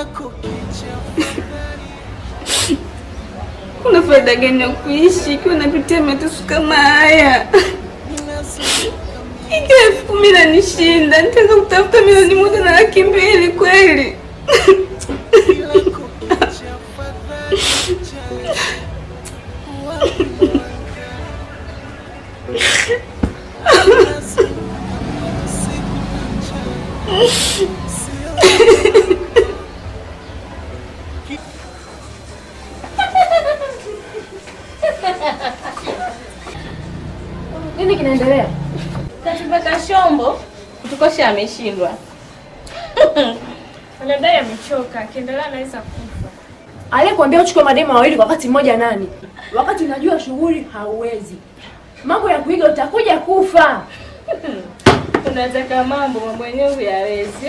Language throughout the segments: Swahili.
Kuna faida gani ya kuishi ikiwa napitia mateso kama haya? Ikiwa elfu kumi nanishinda, nitaweza kutafuta milioni moja na laki mbili kweli? ameshindwa. Anadai amechoka, akiendelea naweza kufa. Alikwambia uchukue mademu mawili kwa wakati mmoja nani? Wakati unajua shughuli hauwezi. Mambo ya kuiga utakuja kufa. Unataka mambo mambo yenyewe huyawezi.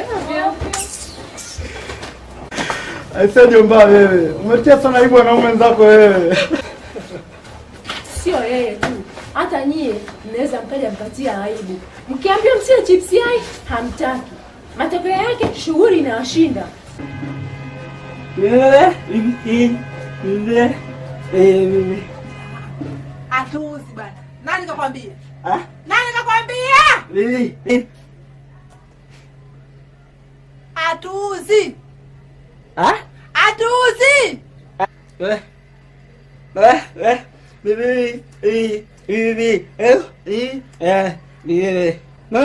Aisee, jomba wewe. Umetia sana aibu na wenzako wewe. Sio yeye tu. Hata nyie mnaweza mkaja mpatia aibu. Mkiambia msia chipsi yai hamtaki, matokeo yake shughuli inawashinda. Atuuzi bana nani kakwambia? Nani kakwambia? eh, eh hii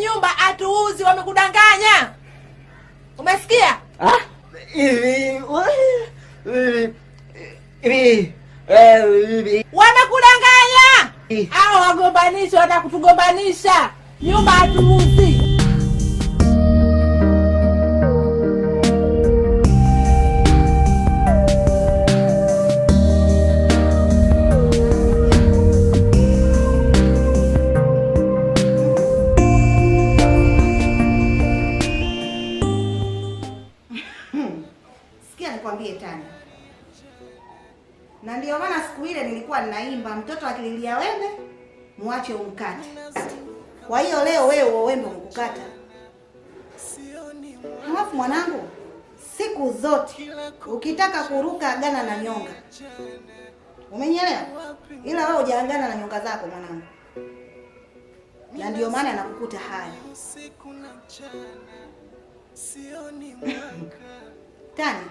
nyumba atuuzi wamekudanganya. Umesikia? Wamekudanganya hao wagombanisha, watakutugombanisha. Nyumba atuuzi kwamba mtoto akililia wembe muache umkate. Kwa hiyo leo wewe wembe umkukata. Halafu mwanangu, siku zote ukitaka kuruka agana na nyonga, umenyelewa Ila wewe hujaangana na nyonga zako mwanangu, na ndio maana anakukuta haya tani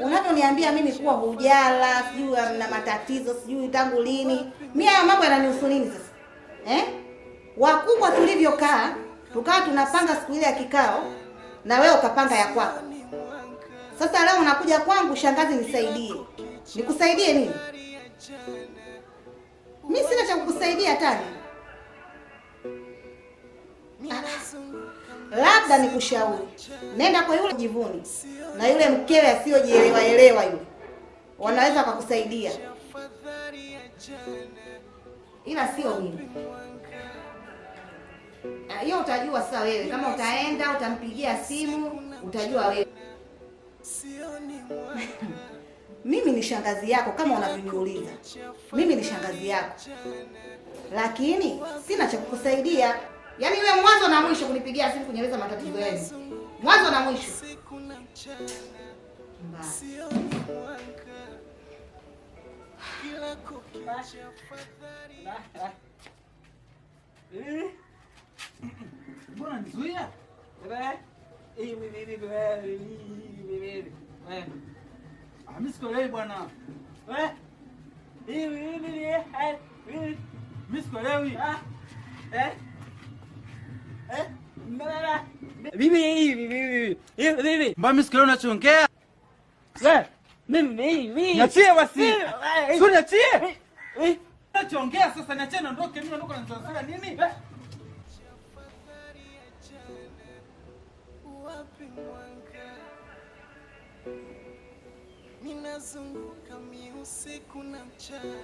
unavyoniambia mimi kuwa hujala, sijui na matatizo, sijui tangu lini. Mimi haya mambo yananihusu nini sasa eh? Wakubwa tulivyokaa tukawa tunapanga siku ile ya kikao, na wewe ukapanga ya kwako. Sasa leo unakuja kwangu, shangazi, nisaidie. Nikusaidie nini? Mimi sina cha kukusaidia tani. Ah, labda nikushauri, nenda kwa yule jivuni na yule mkewe asiyojielewa elewa yule, wanaweza wakakusaidia, ila sio mimi. Ah, hiyo utajua sasa wewe, kama utaenda utampigia simu, utajua wewe. Mimi ni shangazi yako kama unavyoniuliza, mimi ni shangazi yako, lakini sina cha kukusaidia. Yaani wewe mwanzo na mwisho kunipigia simu kunyeleza matatizo yenu. Mwanzo na mwisho. Mimi sikuelewi bwana. Mimi sikuelewi. Eh? Bibi hivi bibi. Hivi bibi. Mbona msikioni unachoongea? Wewe mimi mimi. Niachie basi. Sio niachie. Unachoongea sasa niachie ndoke mimi niondoke na nini? Ninazunguka usiku na mchana,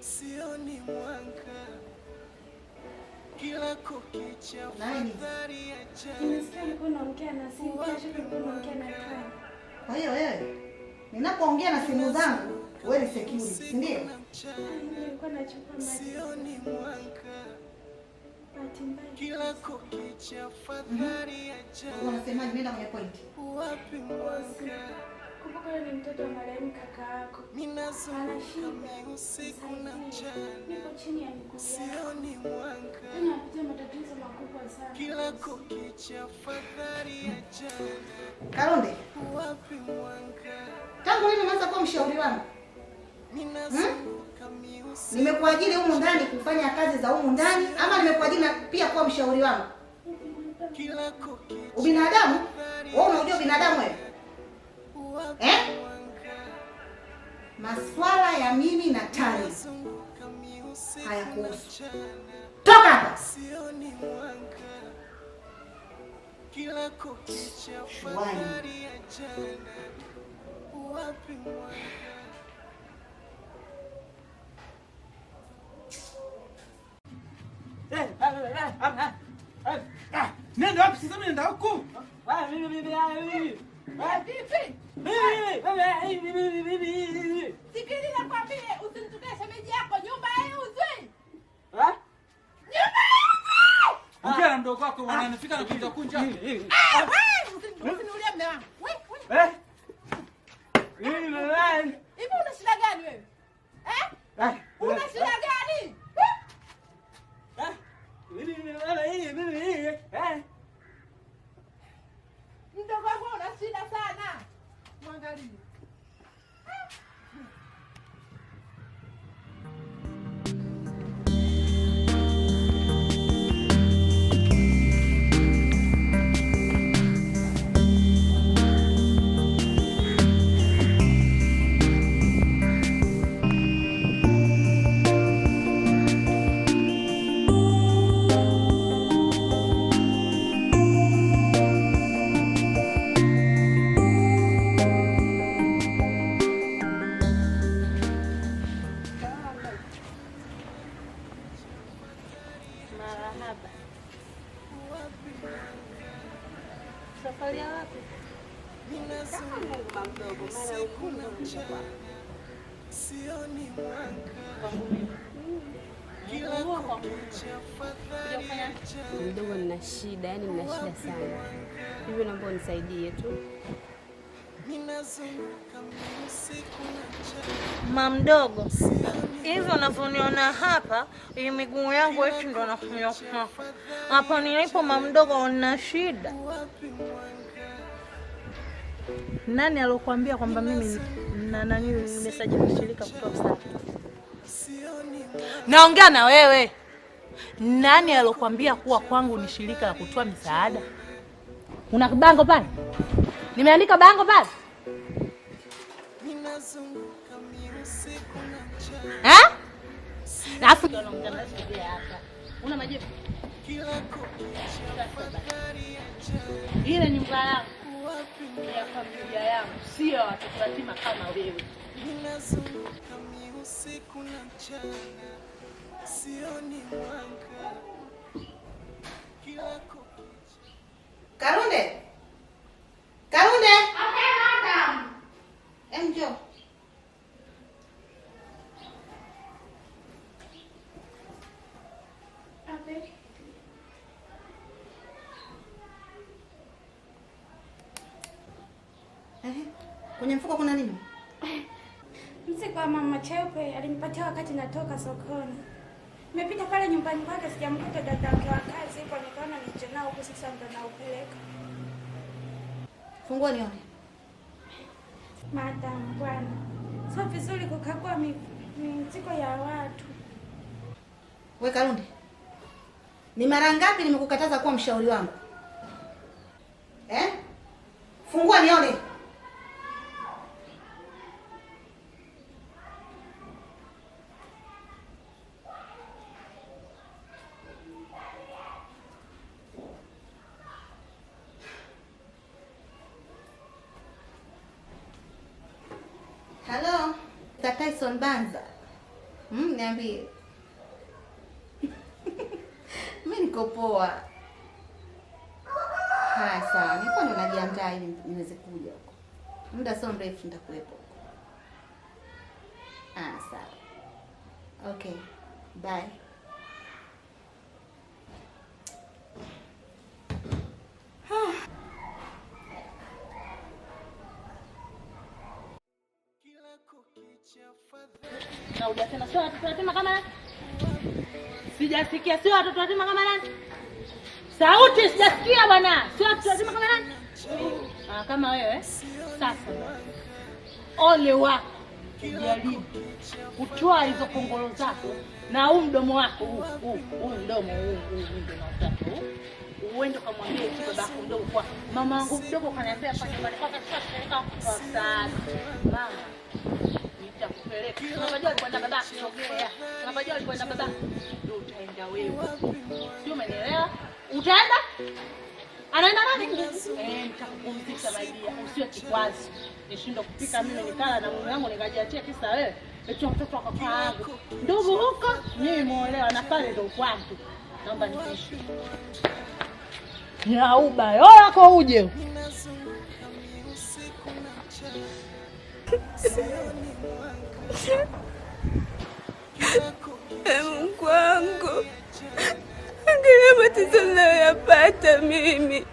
sioni mwanga kila kukicha fadhari ya jana. Kwa hiyo wewe ninapoongea na simu zangu wewe ni security, si ndio? Kila kukicha fadhari mhm. ya jana. Unasemaje? Nenda kwenye point. Wapi mwanga? Kumbuka ni mtoto marehemu kaka yako. Ana shida na mchana. Niko chini ya miguu sioni mwanga. Tena matatizo makubwa sana. Kila kukicha fadhari ya jana. Kalonde. Wapi mwanga? Tangu lini umeanza kuwa mshauri wangu? Nimekuajiri humu ndani kufanya kazi za humu ndani ama nimekuajiri pia kuwa mshauri wangu? Ubinadamu? Wewe unajua binadamu wewe? eh? Maswala ya mimi na Tari hayakuhusu. Toka hapa. Nenda wapi? Sasa nenda huku. Vipi? Sikili mdogo wangu. una shida sana. haberim yok. sana, hivyo naomba unisaidie tu. Mama mdogo, hivi unavyoniona hapa, hii miguu yangu eti ndo nakunyoka hapo nilipo. Mama mdogo, una shida nani? Alokuambia kwamba mimi na nani nimesajili shirika kutoa usafi? Naongea na wewe nani alokuambia kuwa kwangu ni shirika la kutoa misaada? Una bango pale? Nimeandika bango pale eh? Alafu una majibu ile nyumba yangu ya familia yangu, sio watoto yatima kama wewe kuna mchana, sioni mwanga kila kukicha. Karunde, Karunde kupotea wakati natoka sokoni. Nimepita pale nyumbani kwake sijamkuta dada yake wa kazi ipo, nikaona nije nao huko, sasa ndo naupeleka. Fungua nione. Madam, bwana. Sio vizuri kukagua mizigo ya watu. We Kalunde. Ni mara ngapi nimekukataza kuwa mshauri wangu? Eh? Fungua nione. hivi mimi niko poa. Haya, sawa, ndo ninajiandaa ili niweze kuja huko, muda sio mrefu nitakuwepo huko. Ah, sawa, okay, bye. na hujasema sio watoto yatima kama nani? Sijasikia sio watoto yatima kama nani? Sauti sijasikia bwana. Sio watoto yatima kama nani? Ah, kama wewe sasa, ole wako kujaribu kutoa hizo kongolo zako na huu mdomo wako huu huu mdomo huu mdomo wako uende ukamwambia babako mdogo kwa mama wangu mdogo kaniambia fanya mali kwa sasa mama cha kupeleka. Unajua ulikwenda babako utaenda umenielewa? Utaenda? Anaenda nani? Eh, nitakupumzisha maidia. Usiwe kikwazo Nishindwe kupika mimi nikala na mume wangu nikajiachia kisa wewe. Eti mtoto akaangu. Ndugu huko, mimi muolewa na pale ndio kwangu. Naomba niishi. Nyauba, yola kwa uje. Mungu wangu, angalia matatizo ninayoyapata mimi.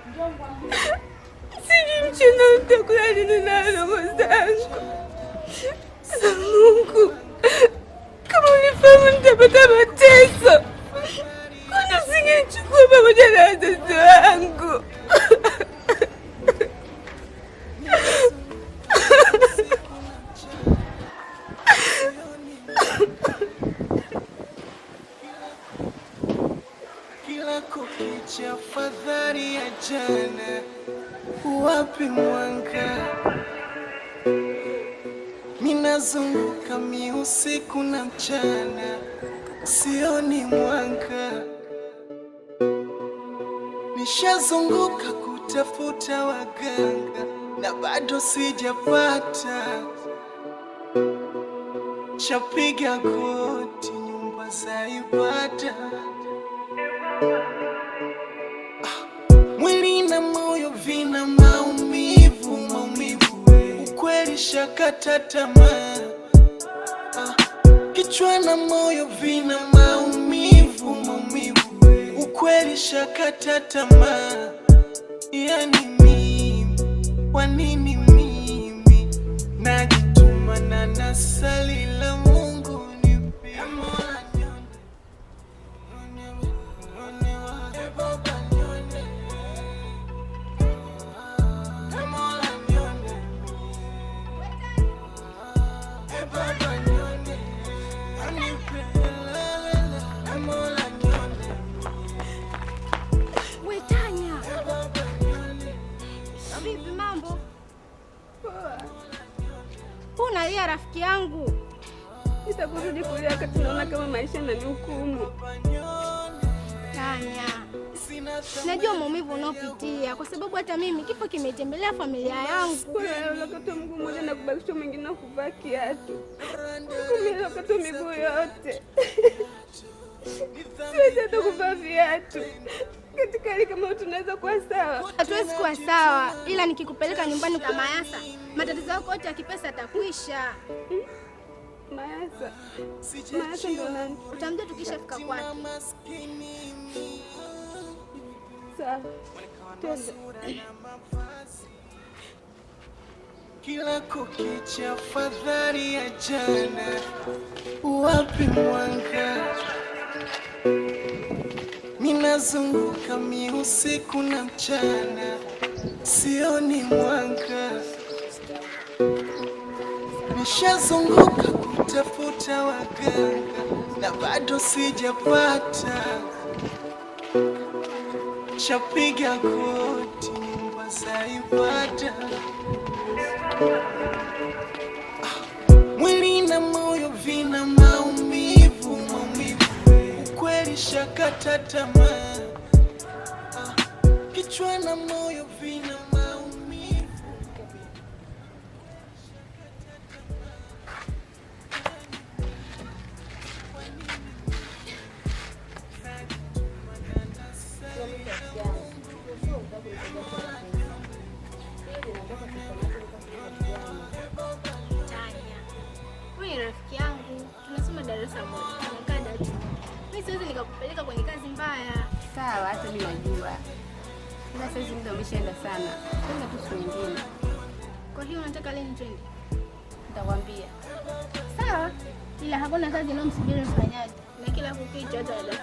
Sijui mchana nitakula nini na roho zangu. Mungu, kama ulifahamu nitapata mateso, kuna usingenichukua pamoja na wazazi wangu kila kukicha fadhari ya jana, wapi mwanga? Minazunguka miusiku na mchana, sioni mwanga. Nishazunguka kutafuta waganga na bado sijapata chapiga koti, nyumba za ibada Mwili na moyo vina maumivu, maumivu, ukweli shakata tamaa. Kichwa na moyo vina maumivu, maumivu, ukweli shakata tamaa. Yani mimi, kwa nini mimi najituma na nasa kuitunzia familia yangu. Lokatwa mguu mmoja na kubakishwa mwingine na kuvaa kiatu, lokatwa miguu yote hata kuvaa viatu. Katika hali kama tunaweza kuwa sawa? Hatuwezi kuwa sawa, ila nikikupeleka nyumbani kwa Mayasa, matatizo yako yote ya kipesa yatakwisha. Hmm? Mayasa, Mayasa ndo nani? Utamjua tukishafika kwake. Sawa. Kila kukicha fadhari ya jana, wapi mwanga? Ninazunguka mi usiku na mchana, sioni mwanga. Nishazunguka kutafuta waganga na bado sijapata. Chapiga koti nyumba za ibada Mwili na moyo vina maumivu, maumivu, ukweli shakata tamaa, ah, kichwa na moyo vina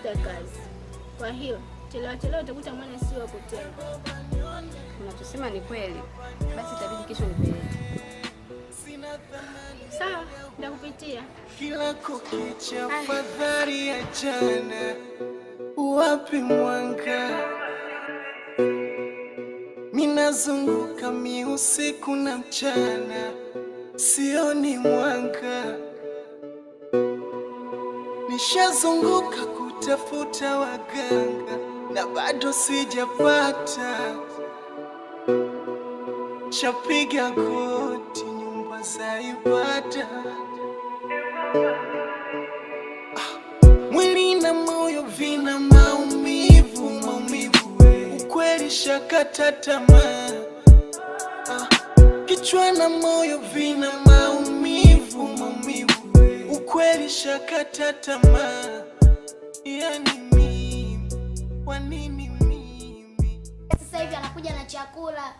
katika kazi. Kwa hiyo chelewa chelewa utakuta mwana si wako tena. Unachosema ni kweli, basi itabidi kesho nipeleke. Sawa, ndakupitia kila kukicha. fadhari ya jana, wapi mwanga? Minazunguka mi usiku na mchana, sioni mwanga, nishazunguka tafuta waganga na bado sijapata, chapiga goti nyumba za ibada, ah, mwili na moyo vina maumivu, maumivu we, ukweli shakata tamaa, ah, kichwa na moyo vina maumivu, maumivu we, ukweli shakata tamaa Yaani sasa hivi anakuja na chakula.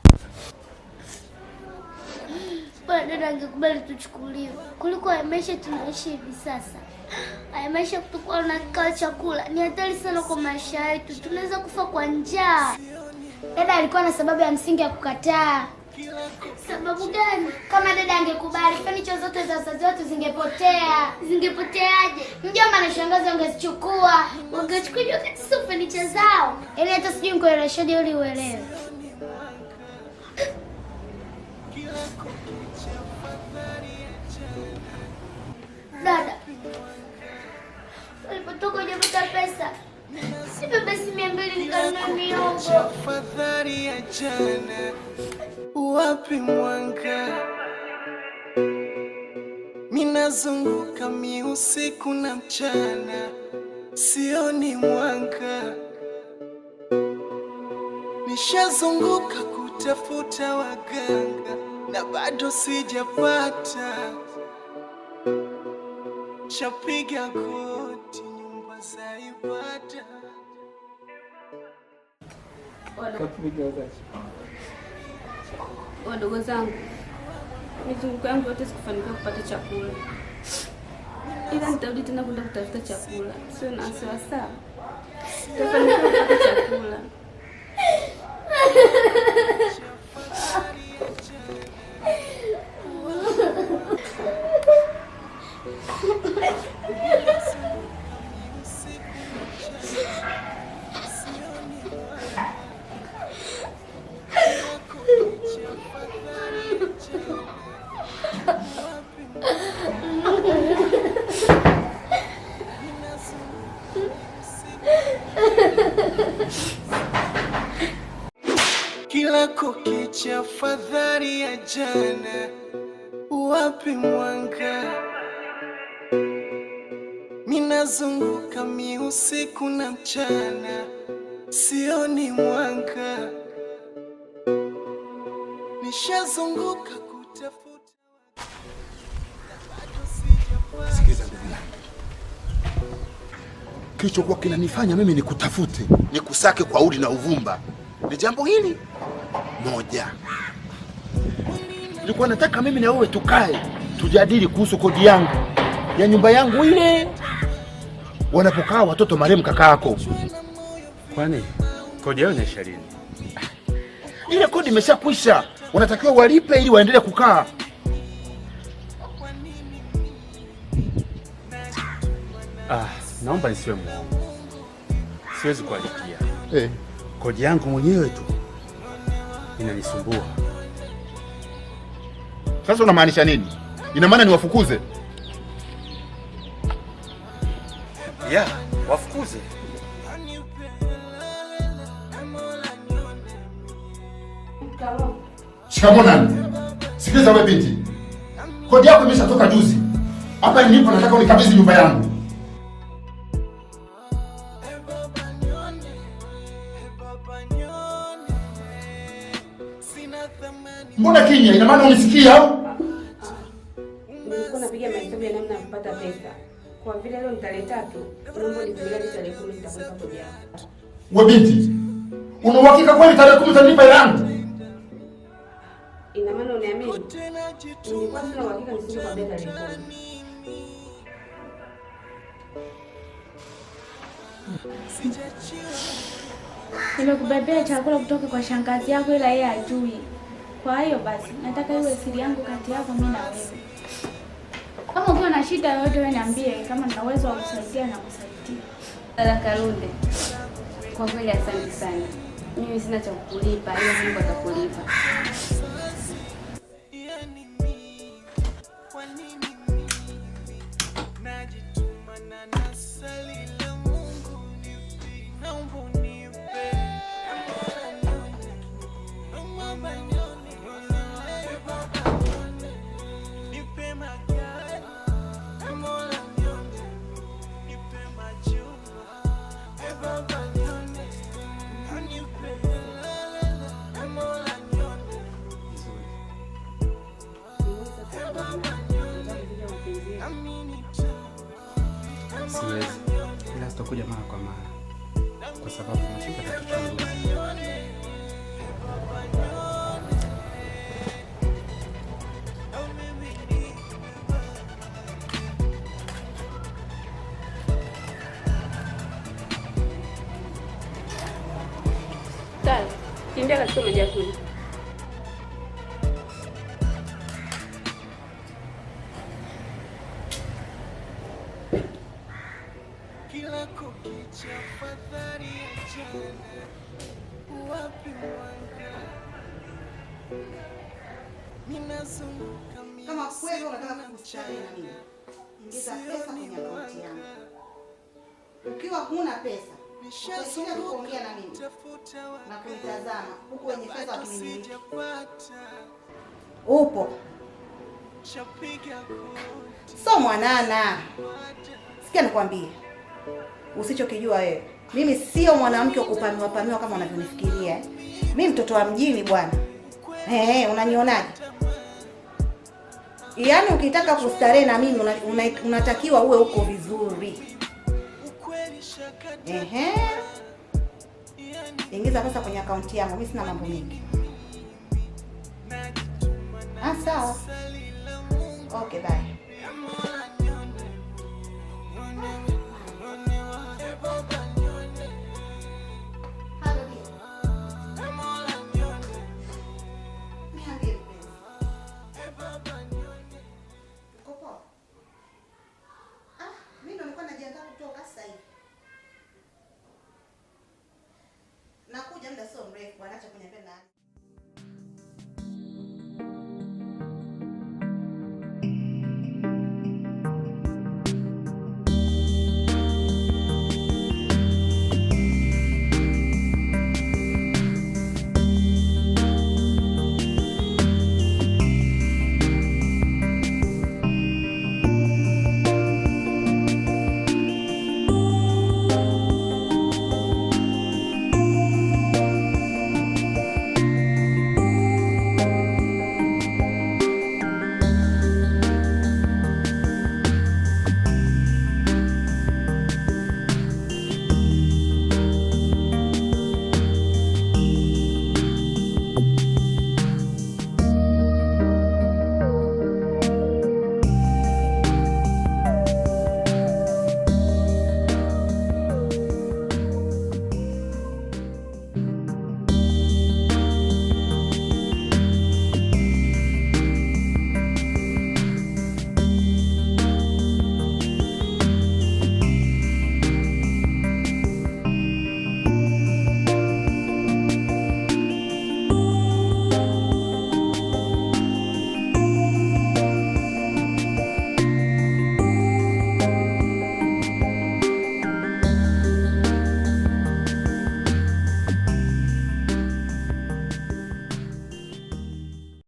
Bwana dada angekubali tuchukuliwe kuliko maisha tunaishi hivi sasa. Haya maisha kutokuwa na kikao chakula ni hatari sana kwa maisha yetu, tunaweza kufa kwa njaa. Yaani dada alikuwa na sababu ya msingi ya kukataa. Sababu gani? Kama dada angekubali, fanicha zote za wazazi wetu zingepotea. Zingepoteaje? Mjomba na shangazi wangezichukua, wangechukua kitu, sio fanicha zao. Yaani hata sijui nikueleweshaje ili uelewe. Dada, ulipotoka hujapata pesa, sipe basi mia mbili nikanunue miogo wapi mwanga? Minazunguka mi usiku na mchana, sioni mwanga. Nishazunguka kutafuta waganga na bado sijapata. Shapiga koti nyumba za ibada wadogo zangu, mizunguko yangu yote sikufanikiwa kupata chakula, ila nitarudi tena kwenda kutafuta chakula. Sio na wasiwasi, tafanikiwa kupata chakula. nazunguka mi usiku na mchana, sioni mwanga, nishazunguka kutafuta. Sikiza ndugu kilichokuwa kinanifanya mimi nikutafute nikusake kwa udi na uvumba ni jambo hili moja. Nilikuwa nataka mimi na wewe tukae tujadili kuhusu kodi yangu ya nyumba yangu ile wanapokaa watoto marehemu kaka yako. Kwani kodi yao inaisha lini? Ile kodi imeshakwisha, wanatakiwa walipe ili waendelee kukaa. Ah, naomba nisiwe mwongo, siwezi kuwalipia hey. Eh. Kodi yangu mwenyewe tu inanisumbua. Sasa unamaanisha nini? Ina maana niwafukuze? yeah, wafukuze. Shikamoo nani? Sikiliza wewe binti, kodi yako imeshatoka juzi. Hapa nilipo nataka unikabidhi nyumba yangu. Mbona kinya? Ina maana unisikia? vile leo ni tarehe tatu, Mungu nikijalia tarehe kumi nitakwenda kuja hapa. binti, una uhakika kweli tarehe kumi utanipa hela yangu? Ina maana uniamini? Nilikuwa sina uhakika nisingekwambia tarehe kumi. Nimekubebea chakula kutoka kwa shangazi yako ila yeye ajui Kwa hiyo basi nataka iwe siri yangu kati yako mimi na wewe. Kama ukiwa na shida yoyote, wewe niambie, kama nina uwezo wa kusaidia na kusaidia. Dada Karunde, kwa kweli asante sana. Mimi sina cha kukulipa, hiyo Mungu atakulipa. siwezi, ila sitakuja mara kwa mara kwa sababu nafika kuchunguza. katika wenye fedha Upo so mwanana, sikia nikwambie, usichokijua wewe, mimi sio mwanamke wakupamiwa pamiwa kama unavyonifikiria Mi mtoto wa mjini bwana. Hey, unanionaje? Yaani ukitaka kustarehe na mimi una, una, unatakiwa uwe uko vizuri. Ehe ingiza pesa kwenye akaunti yangu, mimi sina mambo mengi. Ah, sawa. Okay, bye.